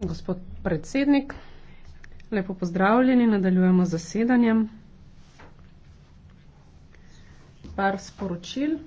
Gospod predsednik, lepo pozdravljeni, nadaljujemo z zasedanjem. Par sporočil.